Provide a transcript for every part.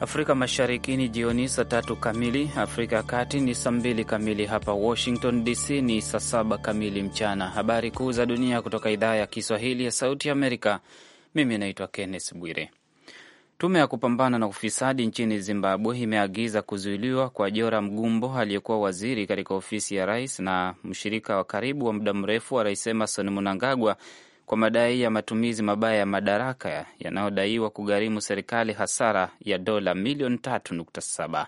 Afrika Mashariki ni jioni saa tatu kamili, Afrika ya Kati ni saa mbili kamili, hapa Washington DC ni saa saba kamili mchana. Habari kuu za dunia kutoka idhaa ya Kiswahili ya Sauti ya Amerika. Mimi naitwa Kenneth Bwire. Tume ya kupambana na ufisadi nchini Zimbabwe imeagiza kuzuiliwa kwa Joram Gumbo aliyekuwa waziri katika ofisi ya rais na mshirika wa karibu wa muda mrefu wa rais Emerson Mnangagwa kwa madai ya matumizi mabaya ya madaraka yanayodaiwa kugharimu serikali hasara ya dola milioni 3.7.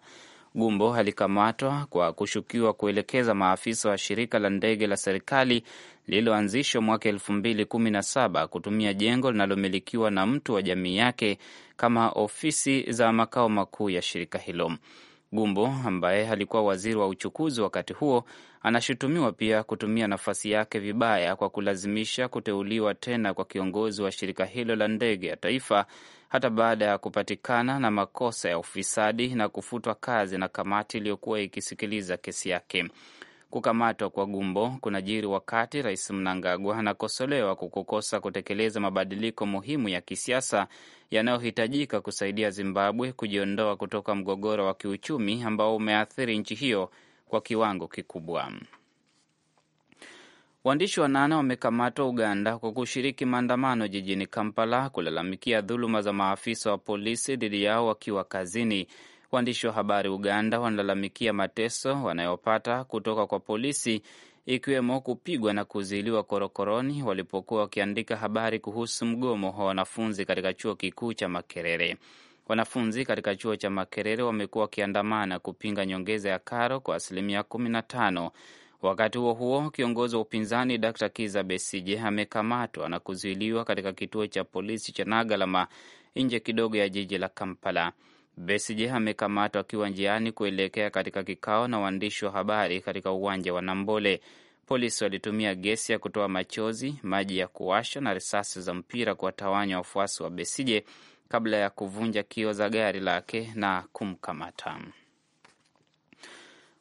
Gumbo alikamatwa kwa kushukiwa kuelekeza maafisa wa shirika la ndege la serikali lililoanzishwa mwaka 2017 kutumia jengo linalomilikiwa na mtu wa jamii yake kama ofisi za makao makuu ya shirika hilo. Gumbo ambaye alikuwa waziri wa uchukuzi wakati huo anashutumiwa pia kutumia nafasi yake vibaya kwa kulazimisha kuteuliwa tena kwa kiongozi wa shirika hilo la ndege ya taifa hata baada ya kupatikana na makosa ya ufisadi na kufutwa kazi na kamati iliyokuwa ikisikiliza kesi yake. Kukamatwa kwa Gumbo kunajiri wakati Rais Mnangagwa anakosolewa kwa kukosa kutekeleza mabadiliko muhimu ya kisiasa yanayohitajika kusaidia Zimbabwe kujiondoa kutoka mgogoro wa kiuchumi ambao umeathiri nchi hiyo kwa kiwango kikubwa. Waandishi wanane wamekamatwa Uganda kwa kushiriki maandamano jijini Kampala kulalamikia dhuluma za maafisa wa polisi dhidi yao wakiwa kazini. Waandishi wa habari Uganda wanalalamikia mateso wanayopata kutoka kwa polisi, ikiwemo kupigwa na kuzuiliwa korokoroni walipokuwa wakiandika habari kuhusu mgomo wa wanafunzi katika chuo kikuu cha Makerere. Wanafunzi katika chuo cha Makerere wamekuwa wakiandamana kupinga nyongeza ya karo kwa asilimia kumi na tano. Wakati huo huo, kiongozi wa upinzani Dr Kiza Besije amekamatwa na kuzuiliwa katika kituo cha polisi cha Nagalama nje kidogo ya jiji la Kampala. Besigye amekamatwa akiwa njiani kuelekea katika kikao na waandishi wa habari katika uwanja wa Nambole. Polisi walitumia gesi ya kutoa machozi, maji ya kuwasha na risasi za mpira kuwatawanya wafuasi wa besije kabla ya kuvunja kio za gari lake na kumkamata.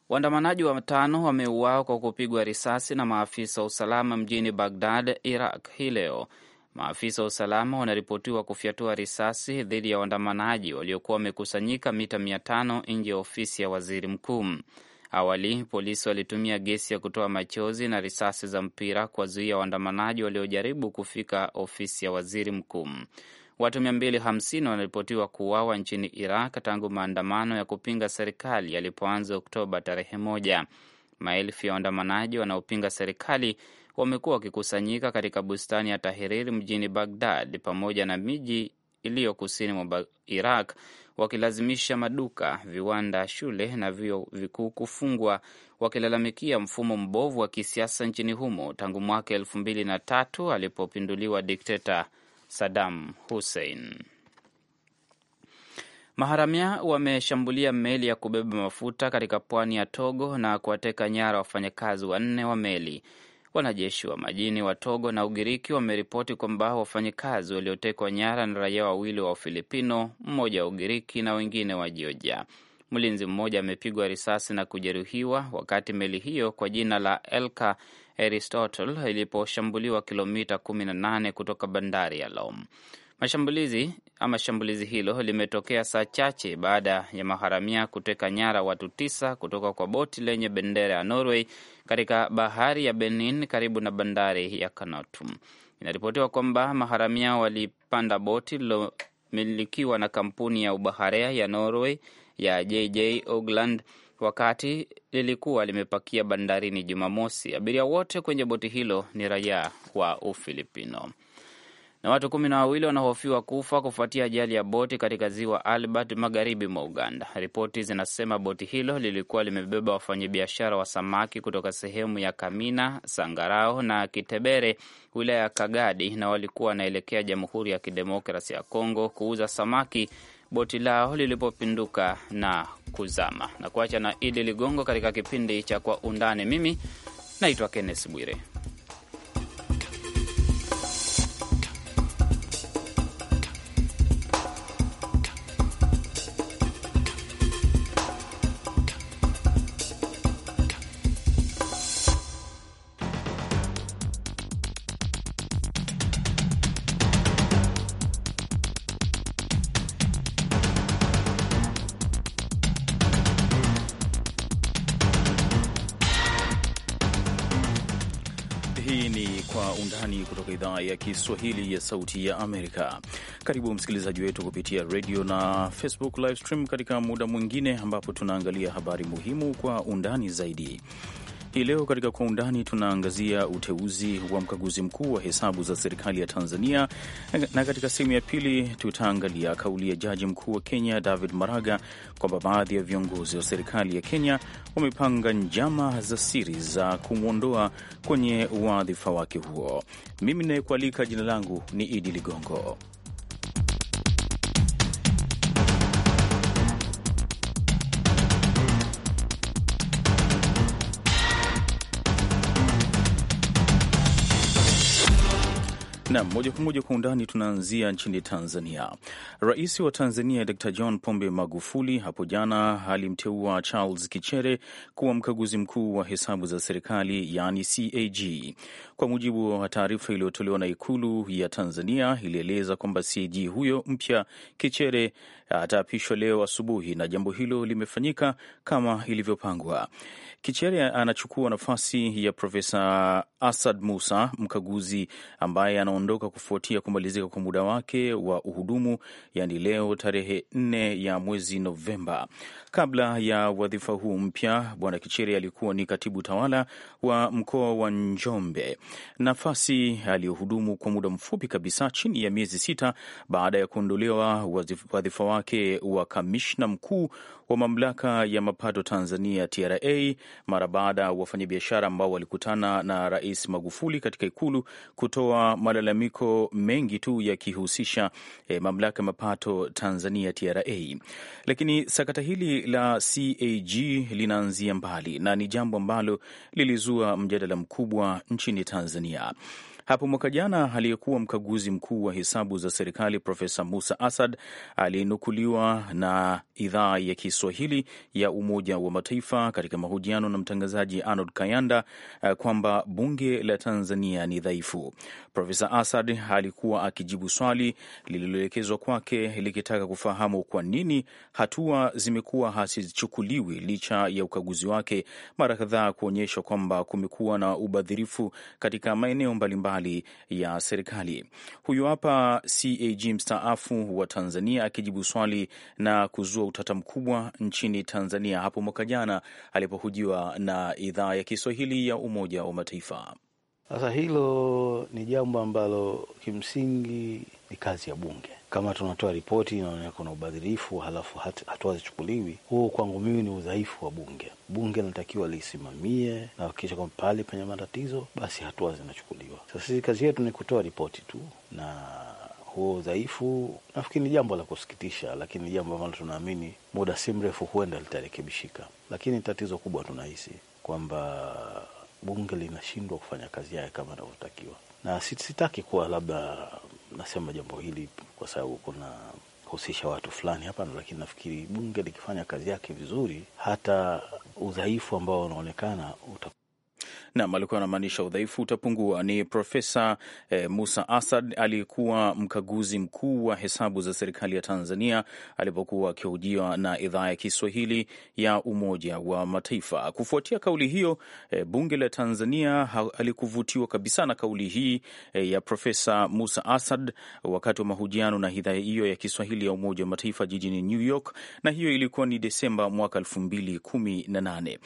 Waandamanaji watano wameuawa kwa kupigwa risasi na maafisa wa usalama mjini Bagdad, Iraq hii leo Maafisa wa usalama wanaripotiwa kufyatua risasi dhidi ya waandamanaji waliokuwa wamekusanyika mita mia tano nje ya ofisi ya waziri mkuu. Awali polisi walitumia gesi ya kutoa machozi na risasi za mpira kuwazuia waandamanaji waliojaribu kufika ofisi ya waziri mkuu. Watu 250 wanaripotiwa kuuawa nchini Iraq tangu maandamano ya kupinga serikali yalipoanza Oktoba tarehe moja. Maelfu ya waandamanaji wanaopinga serikali wamekuwa wakikusanyika katika bustani ya Tahrir mjini bagdad pamoja na miji iliyo kusini mwa Iraq wakilazimisha maduka, viwanda, shule na vyuo vikuu kufungwa, wakilalamikia mfumo mbovu wa kisiasa nchini humo tangu mwaka elfu mbili na tatu alipopinduliwa dikteta Saddam Hussein. Maharamia wameshambulia meli ya kubeba mafuta katika pwani ya Togo na kuwateka nyara wafanyakazi wanne wa meli. Wanajeshi wa majini wa Togo na Ugiriki wameripoti kwamba wafanyikazi waliotekwa nyara na raia wawili wa Ufilipino, mmoja wa Ugiriki na wengine wa Georgia. Mlinzi mmoja amepigwa risasi na kujeruhiwa wakati meli hiyo kwa jina la Elka Aristotle iliposhambuliwa kilomita 18 kutoka bandari ya Lom. Mashambulizi ama shambulizi hilo limetokea saa chache baada ya maharamia kuteka nyara watu tisa kutoka kwa boti lenye bendera ya Norway katika bahari ya Benin karibu na bandari ya Kanotum. Inaripotiwa kwamba maharamia walipanda boti lilomilikiwa na kampuni ya ubaharia ya Norway ya JJ Ogland wakati lilikuwa limepakia bandarini Jumamosi. Abiria wote kwenye boti hilo ni raia wa Ufilipino na watu kumi na wawili wanahofiwa kufa kufuatia ajali ya boti katika ziwa Albert magharibi mwa Uganda. Ripoti zinasema boti hilo lilikuwa limebeba wafanyabiashara wa samaki kutoka sehemu ya Kamina, Sangarao na Kitebere, wilaya ya Kagadi, na walikuwa wanaelekea Jamhuri ya Kidemokrasi ya Kongo kuuza samaki boti lao lilipopinduka na kuzama na kuacha na Idi Ligongo katika kipindi cha Kwa Undani. Mimi naitwa Kenneth Bwire. ya Kiswahili ya Sauti ya Amerika. Karibu msikilizaji wetu kupitia radio na Facebook live stream katika muda mwingine ambapo tunaangalia habari muhimu kwa undani zaidi. Hii leo katika Kwa Undani tunaangazia uteuzi wa mkaguzi mkuu wa hesabu za serikali ya Tanzania, na katika sehemu ya pili tutaangalia kauli ya jaji mkuu wa Kenya David Maraga kwamba baadhi ya viongozi wa serikali ya Kenya wamepanga njama za siri za kumwondoa kwenye wadhifa wake huo. Mimi nayekualika, jina langu ni Idi Ligongo. Nam moja kwa moja kwa undani, tunaanzia nchini Tanzania. Rais wa Tanzania Dr John Pombe Magufuli hapo jana alimteua Charles Kichere kuwa mkaguzi mkuu wa hesabu za serikali, yani CAG. Kwa mujibu wa taarifa iliyotolewa na Ikulu ya Tanzania, ilieleza kwamba CAG huyo mpya Kichere ataapishwa leo asubuhi, na jambo hilo limefanyika kama ilivyopangwa. Kichere anachukua nafasi ya Profesa Asad Musa, mkaguzi ambaye anaondoka kufuatia kumalizika kwa muda wake wa uhudumu, yaani leo tarehe nne ya mwezi Novemba. Kabla ya wadhifa huu mpya, Bwana Kichere alikuwa ni katibu tawala wa mkoa wa Njombe, nafasi aliyohudumu kwa muda mfupi kabisa, chini ya miezi sita, baada ya kuondolewa wadhifa wake wa kamishna mkuu wa mamlaka ya mapato Tanzania TRA mara baada ya wafanyabiashara ambao walikutana na Rais Magufuli katika Ikulu kutoa malalamiko mengi tu yakihusisha eh, mamlaka ya mapato Tanzania TRA. Lakini sakata hili la CAG linaanzia mbali na ni jambo ambalo lilizua mjadala mkubwa nchini Tanzania. Hapo mwaka jana, aliyekuwa mkaguzi mkuu wa hesabu za serikali Profesa Musa Asad aliyenukuliwa na idhaa ya Kiswahili ya Umoja wa Mataifa katika mahojiano na mtangazaji Arnold Kayanda eh, kwamba bunge la Tanzania ni dhaifu. Profesa Asad alikuwa akijibu swali lililoelekezwa kwake likitaka kufahamu kwa nini hatua zimekuwa hazichukuliwi licha ya ukaguzi wake mara kadhaa kuonyesha kwamba kumekuwa na ubadhirifu katika maeneo mbalimbali mbalimbali ya serikali. Huyu hapa CAG mstaafu wa Tanzania akijibu swali na kuzua utata mkubwa nchini Tanzania hapo mwaka jana alipohujiwa na idhaa ya Kiswahili ya Umoja wa Mataifa. Sasa hilo ni jambo ambalo kimsingi ni kazi ya bunge kama tunatoa ripoti inaonekana kuna ubadhirifu halafu hatua zichukuliwi, huo kwangu mimi ni udhaifu wa Bunge. Bunge linatakiwa lisimamie na kuhakikisha kwamba pale penye matatizo, basi hatua zinachukuliwa. Sasa sisi kazi yetu ni kutoa ripoti tu, na huo udhaifu nafikiri ni jambo la kusikitisha, lakini ni jambo ambalo tunaamini muda si mrefu huenda litarekebishika. Lakini tatizo kubwa tunahisi kwamba bunge linashindwa kufanya kazi yake kama inavyotakiwa, na sitaki kuwa labda nasema jambo hili kwa sababu kuna husisha watu fulani hapa, lakini nafikiri bunge likifanya kazi yake vizuri, hata udhaifu ambao unaonekana uta Nam alikuwa anamaanisha udhaifu utapungua. Ni Profesa eh, Musa Asad aliyekuwa mkaguzi mkuu wa hesabu za serikali ya Tanzania alipokuwa akihojiwa na idhaa ya Kiswahili ya Umoja wa Mataifa. Kufuatia kauli hiyo, eh, bunge la Tanzania alikuvutiwa kabisa na kauli hii eh, ya Profesa Musa Asad wakati wa mahojiano na idhaa hiyo ya Kiswahili ya Umoja wa Mataifa jijini New York, na hiyo ilikuwa ni Desemba mwaka elfu mbili kumi na nane.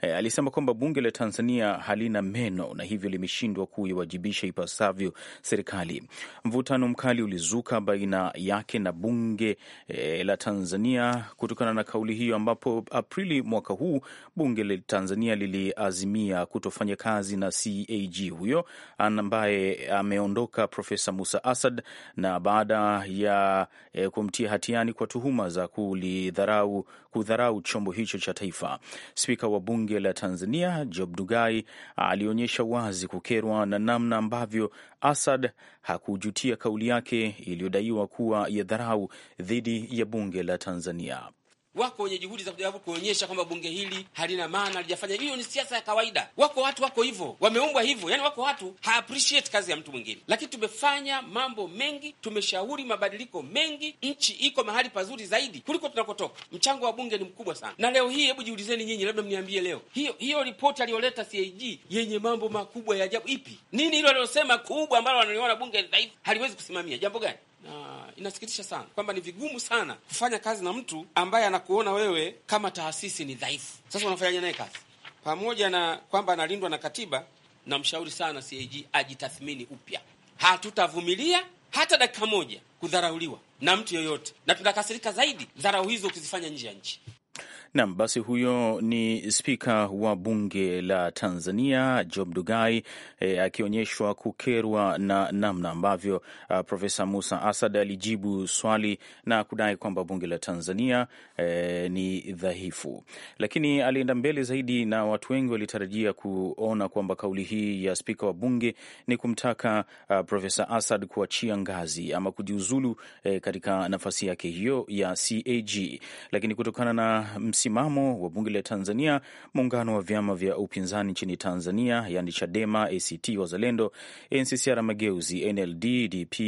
Eh, alisema kwamba bunge la Tanzania halina meno na hivyo limeshindwa kuiwajibisha ipasavyo serikali. Mvutano mkali ulizuka baina yake na bunge e, la Tanzania kutokana na kauli hiyo, ambapo Aprili mwaka huu bunge la Tanzania liliazimia kutofanya kazi na CAG huyo ambaye ameondoka Profesa Musa Asad na baada ya e, kumtia hatiani kwa tuhuma za kulidharau kudharau chombo hicho cha taifa. Spika wa bunge la Tanzania Job Dugai alionyesha wazi kukerwa na namna ambavyo Assad hakujutia kauli yake iliyodaiwa kuwa ya dharau dhidi ya bunge la Tanzania wako wenye juhudi za kujaribu kuonyesha kwamba bunge hili halina maana, halijafanya. Hiyo ni siasa ya kawaida. Wako watu wako hivyo, wameumbwa hivyo, yani wako watu ha appreciate kazi ya mtu mwingine. Lakini tumefanya mambo mengi, tumeshauri mabadiliko mengi, nchi iko mahali pazuri zaidi kuliko tunakotoka. Mchango wa bunge ni mkubwa sana, na leo hii, hebu jiulizeni nyinyi, labda mniambie leo, hiyo hiyo ripoti aliyoleta CAG yenye mambo makubwa ya ajabu ipi? Nini hilo aliyosema kubwa ambalo wanaliona bunge dhaifu haliwezi kusimamia jambo gani? na inasikitisha sana kwamba ni vigumu sana kufanya kazi na mtu ambaye anakuona wewe kama taasisi ni dhaifu. Sasa unafanyaje naye kazi? Pamoja na kwamba analindwa na katiba, namshauri sana CAG ajitathmini upya. Hatutavumilia hata dakika moja kudharauliwa na mtu yoyote, na tunakasirika zaidi dharau hizo ukizifanya nje ya nchi. Nam, basi huyo ni spika wa bunge la Tanzania Job Dugai e, akionyeshwa kukerwa na namna ambavyo Profesa Musa Asad alijibu swali na kudai kwamba bunge la Tanzania e, ni dhaifu, lakini alienda mbele zaidi, na watu wengi walitarajia kuona kwamba kauli hii ya spika wa bunge ni kumtaka Profesa Asad kuachia ngazi ama kujiuzulu e, katika nafasi yake hiyo ya CAG, lakini kutokana na msi msimamo wa bunge la Tanzania, muungano wa vyama vya upinzani nchini Tanzania, yani Chadema, ACT Wazalendo, NCCR Mageuzi, NLD, DP,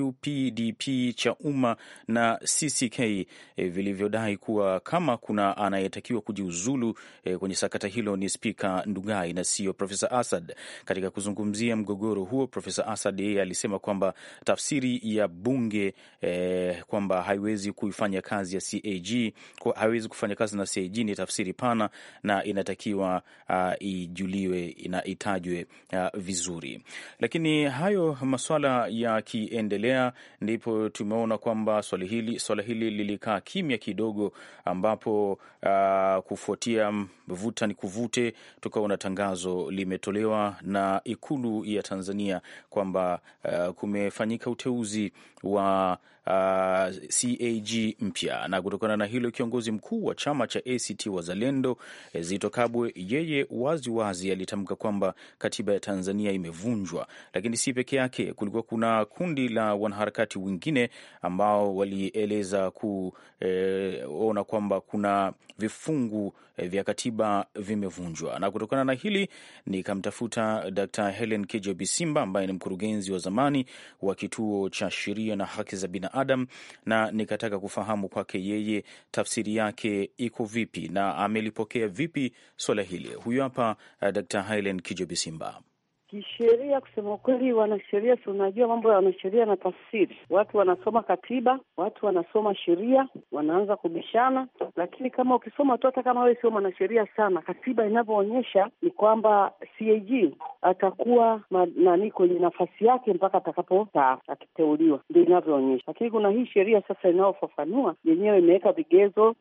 UPDP, cha umma na CCK e, eh, vilivyodai kuwa kama kuna anayetakiwa kujiuzulu e, kwenye sakata hilo ni Spika Ndugai na sio Profesa Asad. Katika kuzungumzia mgogoro huo, Profesa Asad yeye alisema kwamba tafsiri ya bunge e, kwamba haiwezi kuifanya kazi ya CAG haiwezi kufanya kazi na CAG ni tafsiri pana na inatakiwa uh, ijuliwe na itajwe uh, vizuri. Lakini hayo masuala yakiendelea, ndipo tumeona kwamba swala hili, swala hili lilikaa kimya kidogo, ambapo uh, kufuatia vuta ni kuvute, tukaona tangazo limetolewa na Ikulu ya Tanzania kwamba uh, kumefanyika uteuzi wa Uh, CAG mpya na kutokana na hilo, kiongozi mkuu wa chama cha ACT Wazalendo Zito Kabwe yeye waziwazi alitamka kwamba katiba ya Tanzania imevunjwa, lakini si peke yake. Kulikuwa kuna kundi la wanaharakati wengine ambao walieleza kuona eh, kwamba kuna vifungu eh, vya katiba tiba vimevunjwa. Na kutokana na hili nikamtafuta Dr. Helen Kijo Bisimba ambaye ni mkurugenzi wa zamani wa kituo cha sheria na haki za binadamu, na nikataka kufahamu kwake yeye tafsiri yake iko vipi na amelipokea vipi swala hili. Huyu hapa eh, Dr. Helen Kijo Bisimba. Kisheria kusema ukweli, wanasheria si unajua mambo ya wanasheria na tafsiri. Watu wanasoma katiba, watu wanasoma sheria, wanaanza kubishana. Lakini kama ukisoma tu, hata kama wewe sio mwanasheria sana, katiba inavyoonyesha ni kwamba CAG atakuwa nani kwenye nafasi yake mpaka atakapostaafu, akiteuliwa, ndio inavyoonyesha. Lakini kuna hii sheria sasa inayofafanua yenyewe, imeweka vigezo,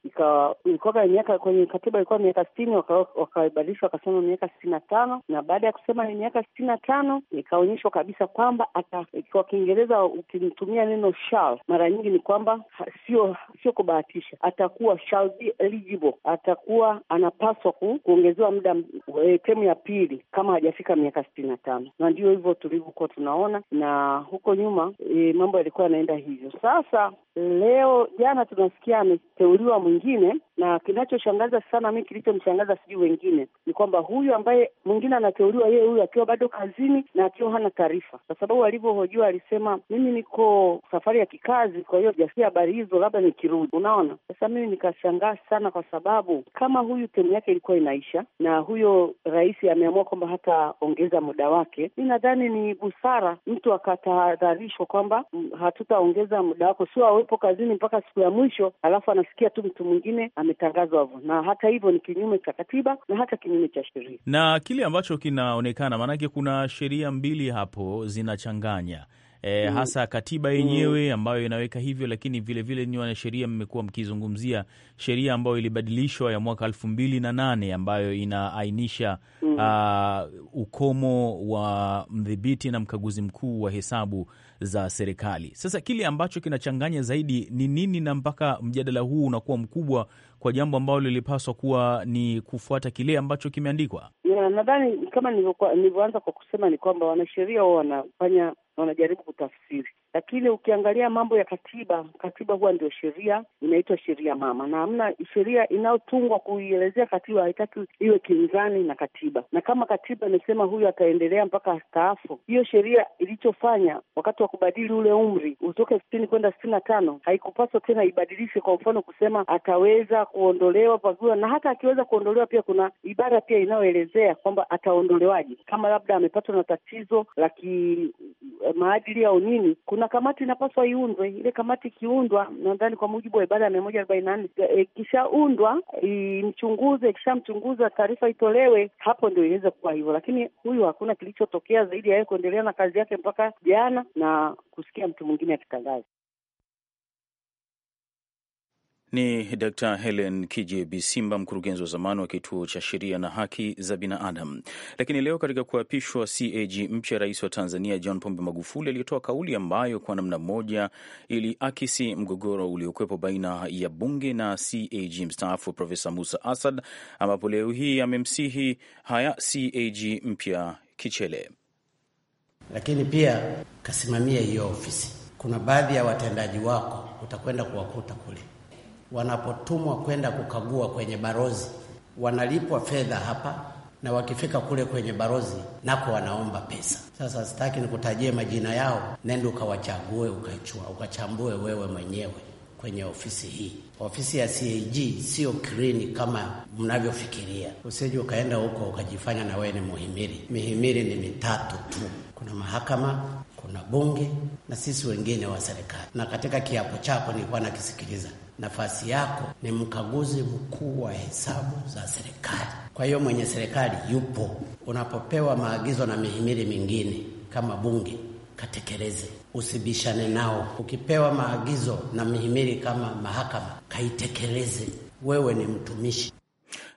ilikuwa miaka kwenye katiba ilikuwa miaka sitini, wakaibadilisha wakasema miaka sitini na tano, na baada ya kusema miaka sitini na tano ikaonyeshwa kabisa kwamba ata, kwa Kiingereza ukimtumia neno shall mara nyingi ni kwamba sio sio kubahatisha, atakuwa shall be eligible, atakuwa anapaswa ku, kuongezewa muda e, eh, temu ya pili kama hajafika miaka sitini na tano na ndiyo hivyo tulivyokuwa tunaona, na huko nyuma e, mambo yalikuwa yanaenda hivyo. Sasa Leo jana tunasikia ameteuliwa mwingine, na kinachoshangaza sana mi, kilichomshangaza sijui wengine ni kwamba huyu ambaye mwingine anateuliwa, yeye huyu akiwa bado kazini na akiwa hana taarifa, kwa sababu alivyohojiwa alisema mimi niko safari ya kikazi, kwa hiyo sijasikia habari hizo, labda nikirudi. Unaona, sasa mimi nikashangaa sana, kwa sababu kama huyu temu yake ilikuwa inaisha na huyo rais ameamua kwamba hataongeza muda wake, mi nadhani ni busara mtu akatahadharishwa kwamba mm, hatutaongeza muda wako, sio yupo kazini mpaka siku ya mwisho, alafu anasikia tu mtu mwingine ametangazwa, na hata hivyo ni kinyume cha katiba na hata kinyume cha sheria na kile ambacho kinaonekana. Maanake kuna sheria mbili hapo zinachanganya E, mm. Hasa katiba yenyewe mm. ambayo inaweka hivyo, lakini vilevile ni wanasheria mmekuwa mkizungumzia sheria ambayo ilibadilishwa ya mwaka elfu mbili na nane ambayo inaainisha mm. uh, ukomo wa mdhibiti na mkaguzi mkuu wa hesabu za serikali. Sasa kile ambacho kinachanganya zaidi ni nini, na mpaka mjadala huu unakuwa mkubwa kwa jambo ambalo lilipaswa kuwa ni kufuata kile ambacho kimeandikwa. Nadhani kama nilivyoanza kwa kusema ni kwamba wanasheria wao wanafanya wanajaribu kutafsiri lakini ukiangalia mambo ya katiba, katiba huwa ndio sheria, inaitwa sheria mama, na hamna sheria inayotungwa kuielezea katiba, haitaki iwe kinzani na katiba. Na kama katiba imesema huyu ataendelea mpaka astaafu, hiyo sheria ilichofanya wakati wa kubadili ule umri utoke sitini kwenda sitini na tano haikupaswa tena ibadilishe, kwa mfano kusema ataweza kuondolewa pakiwa, na hata akiweza kuondolewa pia kuna ibara pia inayoelezea kwamba ataondolewaje, kama labda amepatwa na tatizo la kimaadili au nini kuna kamati inapaswa iundwe. Ile kamati ikiundwa, nadhani kwa mujibu wa ibara ya mia moja arobaini na nne eh, ikishaundwa, imchunguze, ikishamchunguza taarifa itolewe, hapo ndio iweze kuwa hivyo. Lakini huyu hakuna kilichotokea zaidi ya yeye kuendelea na kazi yake mpaka jana na kusikia mtu mwingine akitangaza. Ni Dr. Helen Kije Bisimba, mkurugenzi wa zamani wa kituo cha sheria na haki za binadamu. Lakini leo katika kuapishwa CAG mpya, rais wa Tanzania John Pombe Magufuli aliyotoa kauli ambayo kwa namna moja akisi mgogoro uliokuwepo baina ya bunge na CAG mstaafu Profesa Musa Asad, ambapo leo hii amemsihi haya CAG mpya kichele, lakini pia kasimamia hiyo ofisi. Kuna baadhi ya watendaji wako utakwenda kuwakuta kule wanapotumwa kwenda kukagua kwenye barozi wanalipwa fedha hapa, na wakifika kule kwenye barozi nako wanaomba pesa. Sasa sitaki nikutajie majina yao, nende ukawachague, ukachua, ukachambue wewe mwenyewe kwenye ofisi hii. Ofisi ya CAG sio krini kama mnavyofikiria. Usije ukaenda huko ukajifanya na wewe ni muhimili. Mihimili ni mitatu tu, kuna mahakama, kuna bunge na sisi wengine wa serikali. Na katika kiapo chako nilikuwa nakisikiliza nafasi yako ni mkaguzi mkuu wa hesabu za serikali. Kwa hiyo mwenye serikali yupo, unapopewa maagizo na mihimili mingine kama bunge katekeleze, usibishane nao. Ukipewa maagizo na mihimili kama mahakama, kaitekeleze. Wewe ni mtumishi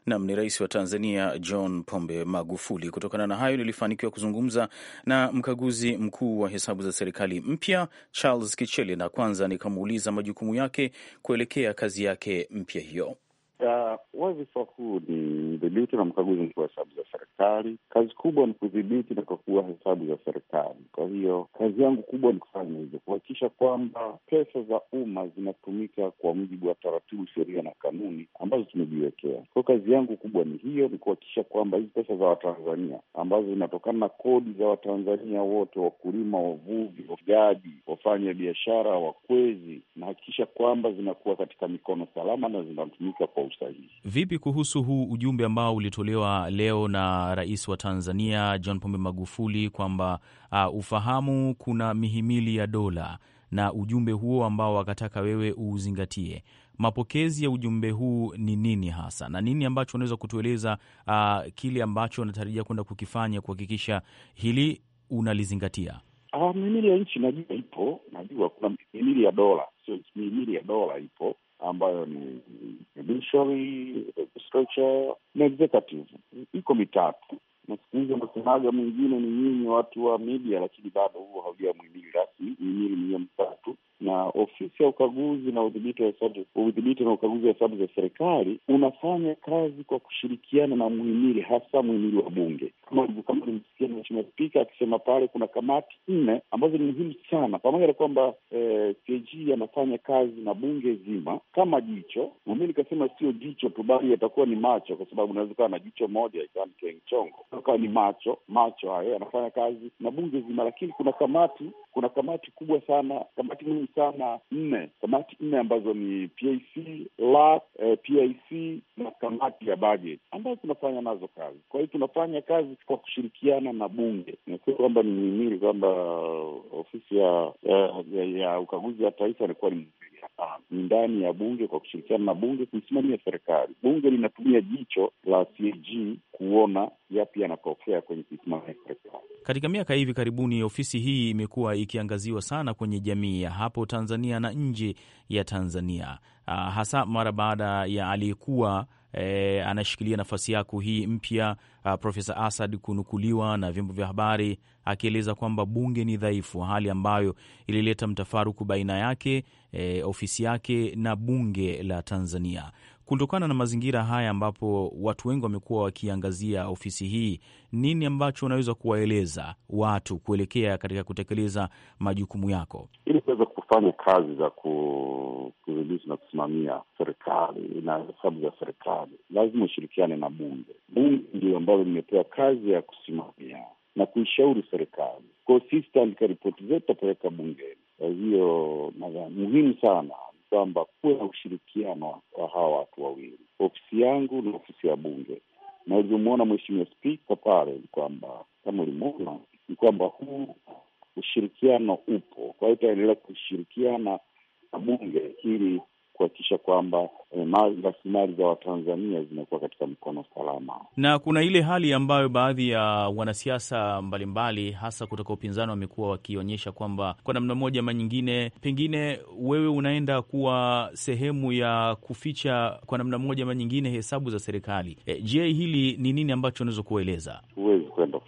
Nam ni rais wa Tanzania John Pombe Magufuli. Kutokana na hayo, nilifanikiwa kuzungumza na mkaguzi mkuu wa hesabu za serikali mpya Charles Kichele, na kwanza nikamuuliza majukumu yake kuelekea kazi yake mpya hiyo. Uh, wadhifa huu ni mdhibiti na mkaguzi mkuu wa hesabu za serikali. Kazi kubwa ni kudhibiti na kukagua hesabu za serikali. Kwa hiyo kazi yangu kubwa ni kufanya hivyo, kuhakikisha kwamba pesa za umma zinatumika kwa mujibu wa taratibu, sheria na kanuni ambazo tumejiwekea. Kwa kazi yangu kubwa ni hiyo, ni kuhakikisha kwamba hizi pesa za Watanzania ambazo zinatokana na kodi za Watanzania wote, wakulima, wavuvi, wafugaji, wafanya biashara, wakwezi, nahakikisha kwamba zinakuwa katika mikono salama na zinatumika kwa sehemu sahihi. Vipi kuhusu huu ujumbe ambao ulitolewa leo na rais wa Tanzania John Pombe Magufuli kwamba uh, ufahamu kuna mihimili ya dola na ujumbe huo ambao wakataka wewe uuzingatie. Mapokezi ya ujumbe huu ni nini hasa, na nini ambacho unaweza kutueleza uh, kile ambacho unatarajia kwenda kukifanya kuhakikisha hili unalizingatia? Ah, mihimili ya nchi najua ipo, najua kuna mihimili ya dola, sio mihimili ya dola ipo ambayo ni judiciary, legislature na executive, iko mitatu na siku hizi mwingine ni nyinyi watu wa media, lakini bado huo haujamhimili rasmi mhimili mwenyewe mtatu. Na ofisi ya ukaguzi na udhibiti wa udhibiti na ukaguzi wa hesabu za serikali unafanya kazi kwa kushirikiana na mhimili, hasa mhimili wa bunge. Kama ulimsikia Mheshimiwa Spika akisema pale, kuna kamati nne ambazo ni muhimu sana, pamoja na kwamba eh, CAG anafanya kazi na bunge zima kama jicho, na mi nikasema sio jicho tu, bali yatakuwa ni macho, kwa sababu unaweza na jicho moja ikawa ni chongo kwa ni macho macho hayo yanafanya kazi na bunge zima, lakini kuna kamati, kuna kamati kubwa sana, kamati muhimu sana nne, kamati nne ambazo ni PAC, LAC, eh, PIC na kamati ya budget ambayo tunafanya nazo kazi. Kwa hiyo tunafanya kazi kwa kushirikiana na bunge. nasio kwamba ni mhimili kwamba ofisi ya, ya, ya, ya ukaguzi wa taifa ilikuwa ni ni ndani ya bunge kwa kushirikiana na bunge kuisimamia serikali. Bunge linatumia jicho la CAG kuona yapi yanapokea kwenye kuisimamia serikali. Katika miaka hivi karibuni, ofisi hii imekuwa ikiangaziwa sana kwenye jamii ya hapo Tanzania na nje ya Tanzania, ah, hasa mara baada ya aliyekuwa e, anashikilia nafasi yako hii mpya. Profesa Asad kunukuliwa na vyombo vya habari akieleza kwamba bunge ni dhaifu, hali ambayo ilileta mtafaruku baina yake, e, ofisi yake na bunge la Tanzania. Kutokana na mazingira haya ambapo watu wengi wamekuwa wakiangazia ofisi hii, nini ambacho unaweza kuwaeleza watu kuelekea katika kutekeleza majukumu yako ili kuweza kufanya kazi za kudhibiti na kusimamia serikali na hesabu za serikali, lazima ushirikiane na bunge. Bunge ndio ambalo limepewa kazi ya kusimamia na kuishauri serikali. Kwa hiyo sisi tutaandika ripoti zetu, tutapeleka bungeni. Kwa hiyo nadhani muhimu sana kwamba kuwe na ushirikiano wa hawa watu wawili, ofisi yangu na ofisi ya Bunge. Na ulivyomwona Mheshimiwa Spika pale ni kwamba, kama ulimwona, ni kwamba huu ushirikiano upo. Kwa hiyo itaendelea kushirikiana na bunge ili kuhakikisha kwamba eh, rasilimali za Watanzania zinakuwa katika mkono salama. Na kuna ile hali ambayo baadhi ya wanasiasa mbalimbali hasa kutoka upinzani wamekuwa wakionyesha kwamba kwa namna moja ama nyingine, pengine wewe unaenda kuwa sehemu ya kuficha kwa namna moja ama nyingine hesabu za serikali. E, je, hili ni nini ambacho unaweza kueleza? Huwezi kwenda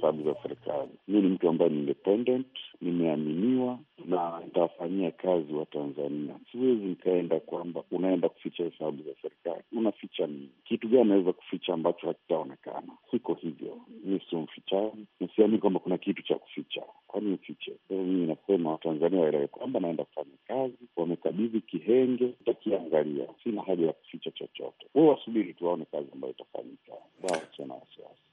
hesabu za serikali. Mi ni mtu ambaye ni independent, nimeaminiwa na nitawafanyia kazi wa Tanzania. Siwezi nikaenda kwamba unaenda kuficha hesabu za serikali. Unaficha nini? Kitu gani anaweza kuficha ambacho hakitaonekana? Siko hivyo, mi sio mfichaji, nisiamini kwamba kuna kitu cha kuficha. Kwani mfiche? Mimi nasema Watanzania waelewe kwamba naenda kufanya kazi, wamekabidhi kihenge, takiangalia. Sina haja ya kuficha chochote, we wasubiri tu waone kazi ambayo itafanyika, wala sio na wasiwasi.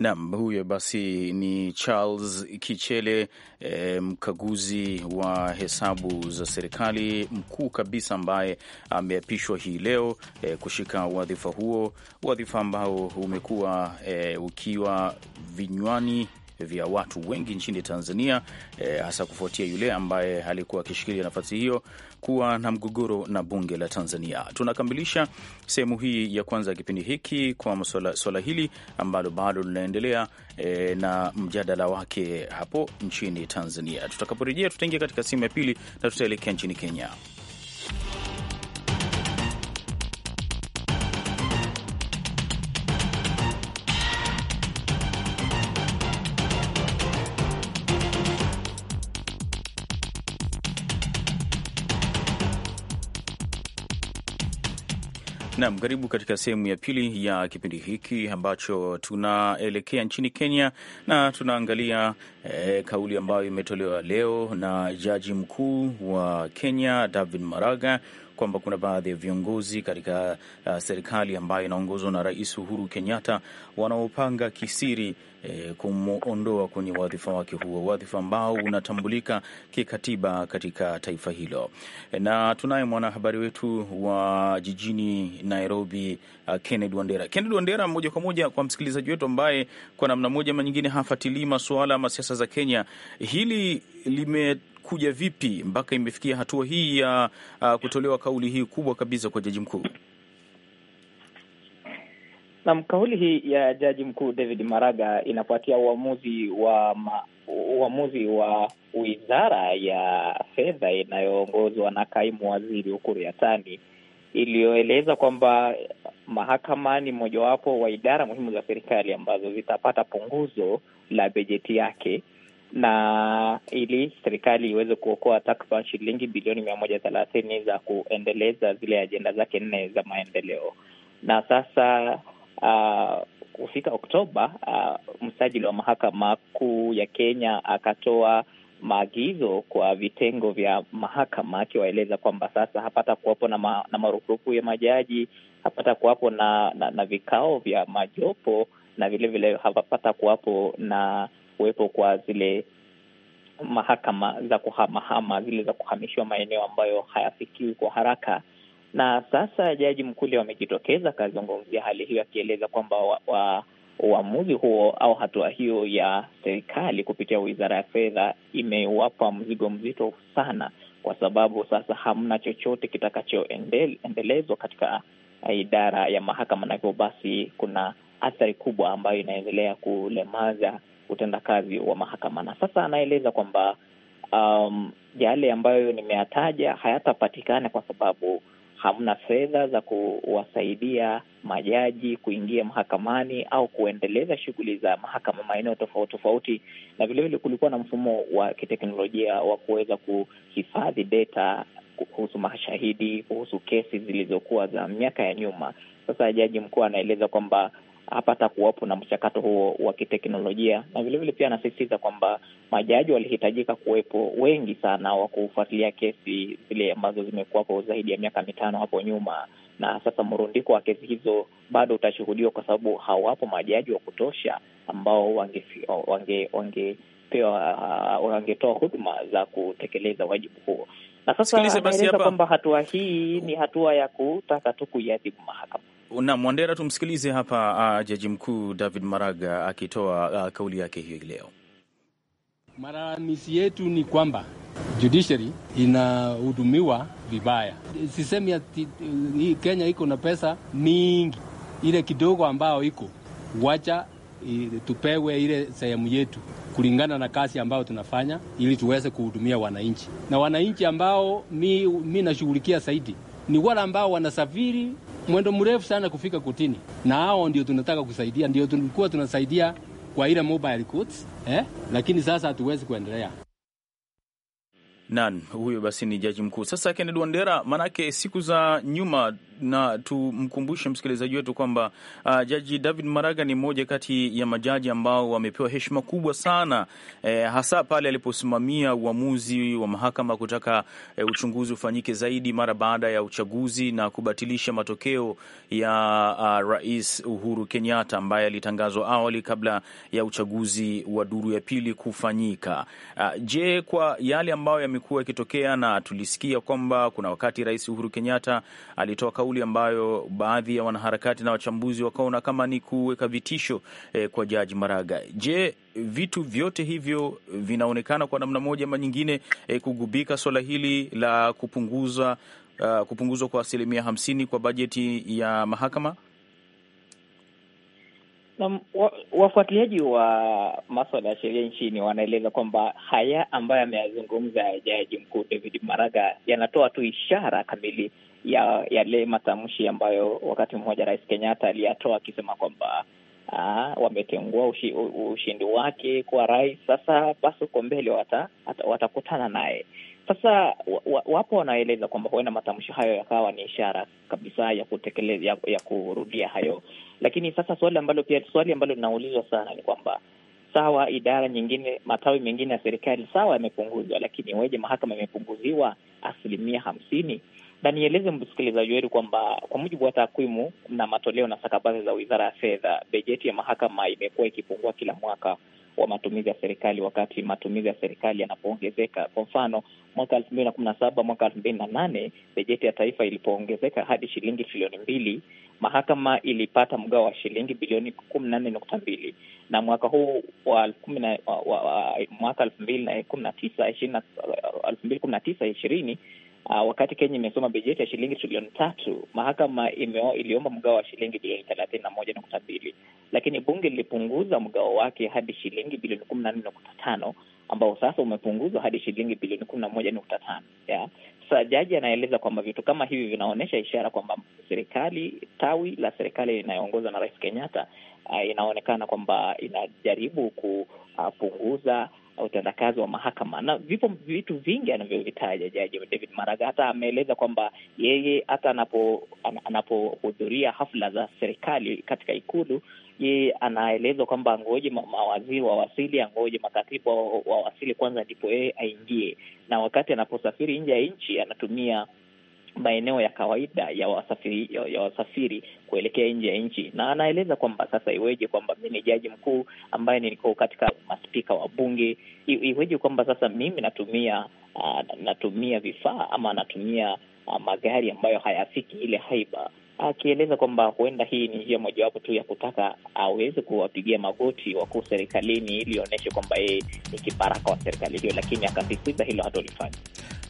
Nam, huyo basi ni Charles Kichele e, mkaguzi wa hesabu za serikali mkuu kabisa ambaye ameapishwa hii leo e, kushika wadhifa huo, wadhifa ambao umekuwa e, ukiwa vinywani vya watu wengi nchini Tanzania, eh, hasa kufuatia yule ambaye alikuwa akishikilia nafasi hiyo kuwa na mgogoro na bunge la Tanzania. Tunakamilisha sehemu hii ya kwanza ya kipindi hiki kwa swala hili ambalo bado linaendelea e, na mjadala wake hapo nchini Tanzania. Tutakaporejea tutaingia katika sehemu ya pili na tutaelekea nchini Kenya. Naam, karibu katika sehemu ya pili ya kipindi hiki ambacho tunaelekea nchini Kenya na tunaangalia e, kauli ambayo imetolewa leo na jaji mkuu wa Kenya David Maraga kwamba kuna baadhi ya viongozi katika uh, serikali ambayo inaongozwa na Rais Uhuru Kenyatta wanaopanga kisiri E, kumwondoa kwenye wadhifa wake huo, wadhifa ambao unatambulika kikatiba katika taifa hilo. E, na tunaye mwanahabari wetu wa jijini Nairobi, uh, Kennedy Wandera. Kennedy Wandera, moja kwa moja kwa msikilizaji wetu ambaye kwa namna moja ama nyingine hafatilii masuala ama siasa za Kenya, hili lime imekuja vipi mpaka imefikia hatua hii ya uh, uh, kutolewa kauli hii kubwa kabisa kwa jaji mkuu? Naam, kauli hii ya jaji mkuu David Maraga inafuatia uamuzi wa ma, uamuzi wa wizara ya fedha inayoongozwa na kaimu waziri ukuru Yatani iliyoeleza kwamba mahakama ni mojawapo wa idara muhimu za serikali ambazo zitapata punguzo la bajeti yake na ili serikali iweze kuokoa takriban shilingi bilioni mia moja thelathini za kuendeleza zile ajenda zake nne za maendeleo. Na sasa ah, kufika Oktoba uh, msajili wa mahakama kuu ya Kenya akatoa maagizo kwa vitengo vya mahakama akiwaeleza kwamba sasa hapata kuwapo na, ma, na marufuku ya majaji, hapata kuwapo na, na, na vikao vya majopo na vilevile hapata kuwapo na kuwepo kwa zile mahakama za kuhamahama, zile za kuhamishiwa maeneo ambayo hayafikiwi kwa haraka. Na sasa Jaji Mkuli wamejitokeza akazungumzia hali hiyo, akieleza kwamba uamuzi huo au hatua hiyo ya serikali kupitia wizara ya fedha imewapa mzigo mzito sana, kwa sababu sasa hamna chochote kitakachoendelezwa katika idara ya mahakama, na hivyo basi kuna athari kubwa ambayo inaendelea kulemaza utendakazi wa mahakama, na sasa anaeleza kwamba um, yale ambayo nimeyataja hayatapatikana kwa sababu hamna fedha za kuwasaidia majaji kuingia mahakamani au kuendeleza shughuli za mahakama maeneo tofauti tofauti, na vilevile kulikuwa na mfumo wa kiteknolojia wa kuweza kuhifadhi data kuhusu mashahidi, kuhusu kesi zilizokuwa za miaka ya nyuma. Sasa jaji mkuu anaeleza kwamba hapata kuwapo na mchakato huo wa kiteknolojia. Na vilevile pia anasisitiza kwamba majaji walihitajika kuwepo wengi sana wa kufuatilia kesi zile ambazo zimekuwapo zaidi ya miaka mitano hapo nyuma, na sasa mrundiko wa kesi hizo bado utashuhudiwa kwa sababu hawapo majaji wa kutosha ambao wangepewa wange, wange wangetoa huduma za kutekeleza wajibu huo. Na sasa anaeleza kwamba hatua hii ni hatua ya kutaka tu kuiadhibu mahakama na Mwandera, tumsikilize hapa uh, jaji mkuu David Maraga akitoa uh, kauli yake hiyo leo. Malalamisi yetu ni kwamba judiciary inahudumiwa vibaya. Sisemi ati uh, Kenya iko na pesa mingi, ile kidogo ambayo iko, wacha uh, tupewe ile sehemu yetu kulingana na kazi ambayo tunafanya, ili tuweze kuhudumia wananchi. Na wananchi ambao mi, mi nashughulikia zaidi ni wale ambao wanasafiri mwendo mrefu sana kufika kotini, na hao ndio tunataka kusaidia, ndio tulikuwa tunasaidia kwa ile mobile courts, eh, lakini sasa hatuwezi kuendelea nan huyo basi ni jaji mkuu sasa Kennedy Wandera, maanake siku za nyuma na tumkumbushe msikilizaji wetu kwamba uh, Jaji David Maraga ni mmoja kati ya majaji ambao wamepewa heshima kubwa sana eh, hasa pale aliposimamia uamuzi wa mahakama kutaka eh, uchunguzi ufanyike zaidi mara baada ya uchaguzi na kubatilisha matokeo ya uh, Rais Uhuru Kenyatta ambaye alitangazwa awali kabla ya uchaguzi wa duru ya pili kufanyika. Uh, je, kwa yale ambayo yamekuwa yakitokea na tulisikia kwamba kuna wakati Rais Uhuru Kenyatta alitoa kauli kauli ambayo baadhi ya wanaharakati na wachambuzi wakaona kama ni kuweka vitisho eh, kwa Jaji Maraga. Je, vitu vyote hivyo vinaonekana kwa namna moja ama nyingine eh, kugubika swala hili la kupunguza uh, kupunguzwa kwa asilimia hamsini kwa bajeti ya mahakama? wafuatiliaji wa, wa maswala ya sheria nchini wanaeleza kwamba haya ambayo ameyazungumza ya jaji mkuu David Maraga yanatoa tu ishara kamili ya yale matamshi ambayo wakati mmoja Rais Kenyatta aliyatoa akisema kwamba ah, wametengua ushi, ushindi wake kwa rais, sasa basi uko mbele wata, watakutana naye. Sasa wapo wanaeleza kwamba huenda matamshi hayo yakawa ni ishara kabisa ya kutekeleza ya, ya kurudia hayo, lakini sasa swali ambalo pia swali ambalo linaulizwa sana ni kwamba sawa, idara nyingine, matawi mengine ya serikali sawa yamepunguzwa, lakini weje mahakama imepunguziwa asilimia hamsini? na nieleze msikilizaji wetu kwamba kwa mujibu wa takwimu na matoleo na stakabadhi za Wizara ya Fedha, bajeti ya mahakama imekuwa ikipungua kila mwaka wa matumizi ya serikali, wakati matumizi ya serikali yanapoongezeka. Kwa mfano, mwaka elfu mbili na kumi na saba mwaka elfu mbili na nane bajeti ya taifa ilipoongezeka hadi shilingi trilioni mbili mahakama ilipata mgao wa shilingi bilioni kumi na nne nukta mbili na mwaka huu wa mwaka elfu mbili na kumi na tisa ishirini Uh, wakati Kenya imesoma bajeti ya shilingi trilioni tatu, mahakama iliomba mgao wa shilingi bilioni thelathini na moja nukta mbili lakini bunge lilipunguza mgao wake hadi shilingi bilioni kumi na nne nukta tano ambao sasa umepunguzwa hadi shilingi bilioni kumi na moja nukta tano Sasa jaji anaeleza kwamba vitu kama hivi vinaonyesha ishara kwamba serikali, tawi la serikali inayoongozwa na Rais Kenyatta, uh, inaonekana kwamba inajaribu kupunguza uh, utendakazi wa mahakama na vipo vitu vingi anavyovitaja Jaji David Maraga. Hata ameeleza kwamba yeye hata anapohudhuria anapo hafla za serikali katika Ikulu, yeye anaelezwa kwamba angoje mawaziri wawasili, angoje makatibu wawasili kwanza ndipo yeye aingie, na wakati anaposafiri nje ya nchi anatumia maeneo ya kawaida ya wasafiri, ya, ya wasafiri kuelekea nje ya nchi, na anaeleza kwamba sasa iweje kwamba mi ni jaji mkuu ambaye niko katika maspika wa bunge, iweje kwamba sasa mimi natumia uh, natumia vifaa ama natumia uh, magari ambayo hayafiki ile haiba akieleza kwamba huenda hii ni njia mojawapo tu ya kutaka aweze kuwapigia magoti wakuu serikalini ili ionyeshe kwamba yeye ni kibaraka wa serikali hiyo, lakini akasisitiza hilo hatolifanya.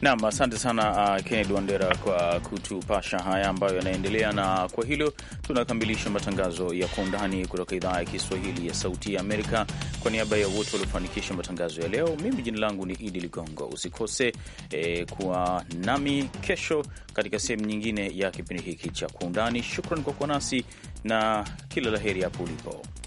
Naam, asante sana uh, Kennedy Wandera kwa kutupasha haya ambayo yanaendelea, na kwa hilo tunakamilisha matangazo ya Kwa Undani kutoka idhaa ya Kiswahili ya Sauti ya Amerika. Kwa niaba ya wote waliofanikisha matangazo ya leo, mimi jina langu ni Idi Ligongo. Usikose eh, kuwa nami kesho katika sehemu nyingine ya kipindi hiki cha Kwa Undani. Shukran kwa kuwa nasi na kila laheri hapo ulipo.